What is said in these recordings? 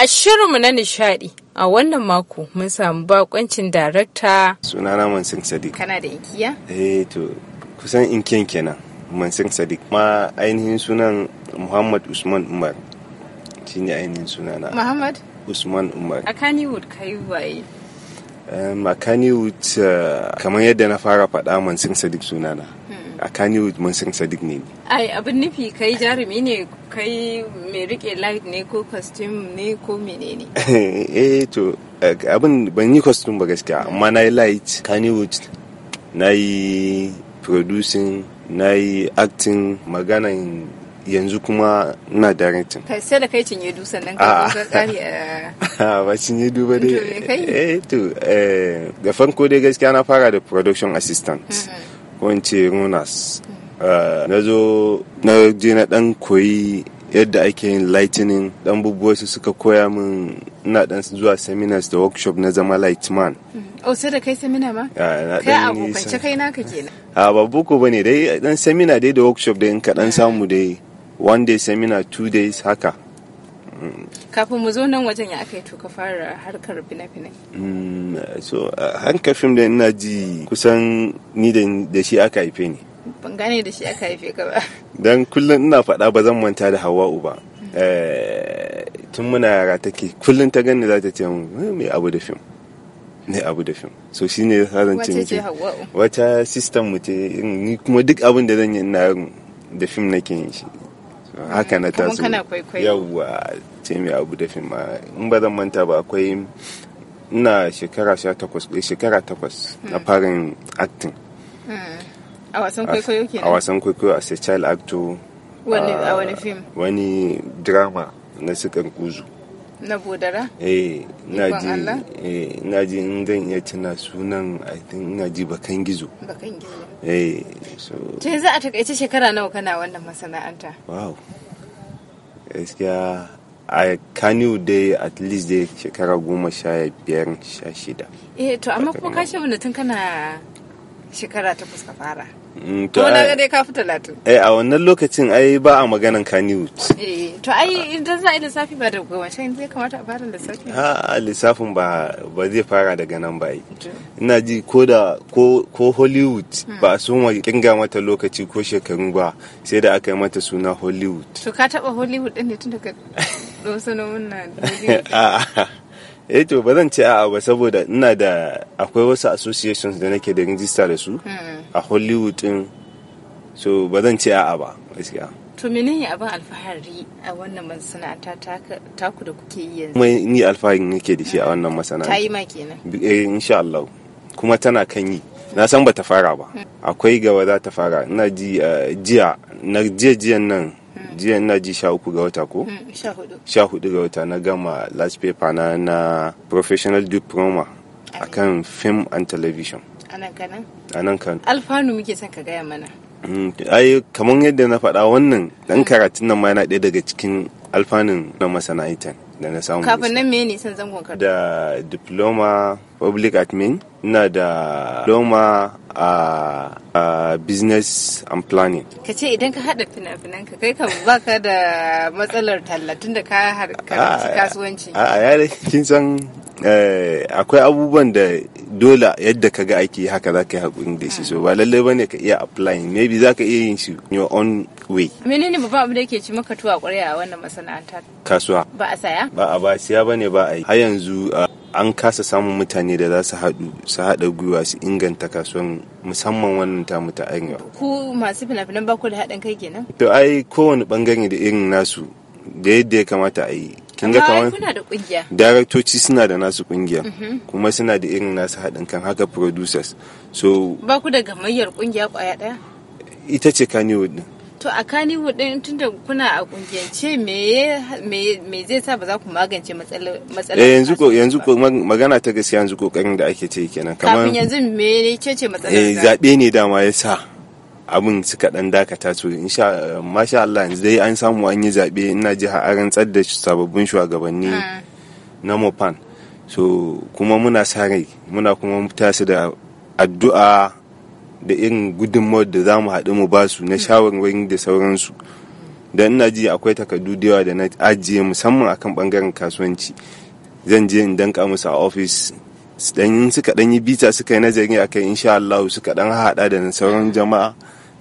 A shirinmu na nishadi a wannan mako mun samu bakoncin darakta. Sunana Mansin Sadiq. Kana da inkiya? Eh to kusan inkiyan kenan Mansin Sadiq. Ma ainihin sunan Muhammad Usman Umar. Shi ne ainihin sunana. Muhammad? Usman Umar. A Kannywood kai waye? Um, a Kannywood uh, kamar yadda na fara faɗa Mansin Sadiq sunana. a Kannywood san Sadiq ne. Ai abin nufi kai jarumi ne kai mai rike light ne ko costume ne ko menene? eh to abin ban yi costume ba gaskiya amma na yi light Kannywood na yi producing na yi acting maganan yanzu kuma na directing. Kai sai da kai cinye du nan ah. ka kare a ah. ah, ba cinye du ba dai. Eh to eh da farko dai gaskiya na fara da production assistant. Mm-hmm. wance runas eh, na zo na je na dan koyi yadda ake yin lightning dan bubuwa su suka koya min ina dan zuwa seminars da workshop na zama lightman mm-hmm. o oh, sai da kai seminar ma kai abokance kai naka kenan a ah, babu ko bane dai dan seminar dai da workshop dai in ka dan samu dai one day seminar two days haka kafin mu zo nan wajen ya aka yi to ka fara harkar fina-finai mm, so hankafin fim da ina ji kusan ni da shi aka haife ni ban gane da shi aka haife ka ba don kullum ina faɗa ba zan manta da hawa'u ba mm. eh, tun muna yara take kullum ta gani za ta ce mai eh, abu da fim ne abu da fim so shi ne ce miki wata sistan mu ce ni kuma duk abin da zan yi ina da fim nake yin shi haka na taso yawwa ce mai abu da fi ah, in ba zan manta ba akwai ina shekara sha takwas eh, shekara takwas na hmm. farin acting hmm. a wasan kwaikwayo ke a wasan kwaikwayo as a child actor a ah, wani film wani drama na sukan kuzu na bodara eh naji eh ji in zan iya tuna sunan i think ina ji bakan gizo bakan gizo eh so to yanzu a takaice shekara nawa kana wannan masana'anta wow gaskiya a kanu dai at least dai shekara goma sha biyar sha shida eh to amma kuma ka tun kana shekara ta fuska fara mm, to na ga dai ka fi talatin eh a wannan lokacin ai ba a maganan kaniwood eh to ai idan za a yi lissafi ba da wancan zai kamata a fara lissafi ha lissafin ba ba zai fara daga nan ba yi ina ji ko da ko hollywood hmm. ba a so ma kinga mata lokaci ko shekaru ba sai da aka yi mata suna hollywood to ka taba hollywood din ne tun daga dosa na wannan ah. eh to ba zan ce a'a ba saboda ina da akwai wasu associations da nake da rijista da su hmm. a hollywood din so ba zan ce a'a ba gaskiya to menene abin alfahari a wannan masana'anta ku da kuke yi yanzu mai ni alfahari nake da shi a hmm. wannan masana'anta ta yi ma kenan eh insha Allah kuma tana kan yi na san ba ta fara ba hmm. akwai gaba za ta fara ina ji eh, jiya na jiya jiyan nan jiya ina ji sha uku ga wata ko mm, sha hudu ga wata na gama last paper na na professional diploma a kan film and television a nan kan alfanu muke son ka gaya mana mm, ai kamar yadda na faɗa wannan dan karatun nan ma yana ɗaya daga cikin alfanun na masana'antar da na samu kafin nan meye nisan zangon karatu da diploma public admin na da diploma a uh, uh, business and planning ka ce idan ka hada fina-finan ka kai ba baka da matsalar tallatin da ka harkarci ah, kasuwanci a ah, yare kin san eh, akwai abubuwan da dole yadda ka ga aiki haka za ka yi haƙuri da shi so ba lallai ne ka iya applying maybe za ka iya yin shi your own way menene babban abu da yake ci maka tuwa ƙwarya a wannan masana'antar? kasuwa ba a saya ba a ba siya ne ba a yi har yanzu uh, an kasa samun mutane da za su haɗu su haɗa gwiwa su inganta kasuwan musamman wannan tamu ta arewa ku masu fina-finan ba ku da haɗin kai kenan to ai kowane bangare da irin nasu da yadda ya kamata a yi kin ga kamar kuna da kungiya directoci suna da nasu kungiya mhm. kuma suna da irin nasu haɗin kan haka producers so ba ku da gamayyar kungiya kwaya daya ita ce kaniwood din to a kaniwood din tunda kuna a kungiyance me me zai sa ba za ku magance matsalar matsalar eh yanzu ko yanzu ko magana ta gaskiya yanzu kokarin da ake ce kenan kamar kafin yanzu me ne ce ce matsalar eh zabe ne dama ya sa abin suka dan dakata to insha masha Allah yanzu dai an samu an yi zaɓe ina jiha a rantsar da sababbin shugabanni hmm. na Mopan so kuma muna sa rai muna kuma tasu da addu'a da irin gudunmawar da za mu haɗu mu ba su na hmm. shawarwari da sauransu don ina ji akwai takardu da yawa da na ajiye musamman akan bangaren kasuwanci zan je in danka musu a ofis dan suka dan yi bita suka yi nazari akai insha Allah suka dan hada da sauran jama'a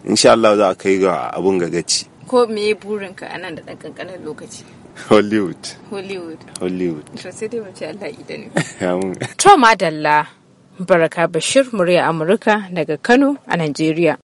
Inshallah Allah za a kai ga abun gagaci ko me burinka a nan da ɗan ƙanƙanar lokaci Hollywood. Hollywood. Hollywood. To dai mace Allah ne. Dalla, Baraka Bashir, murya Amurka daga Kano a Najeriya.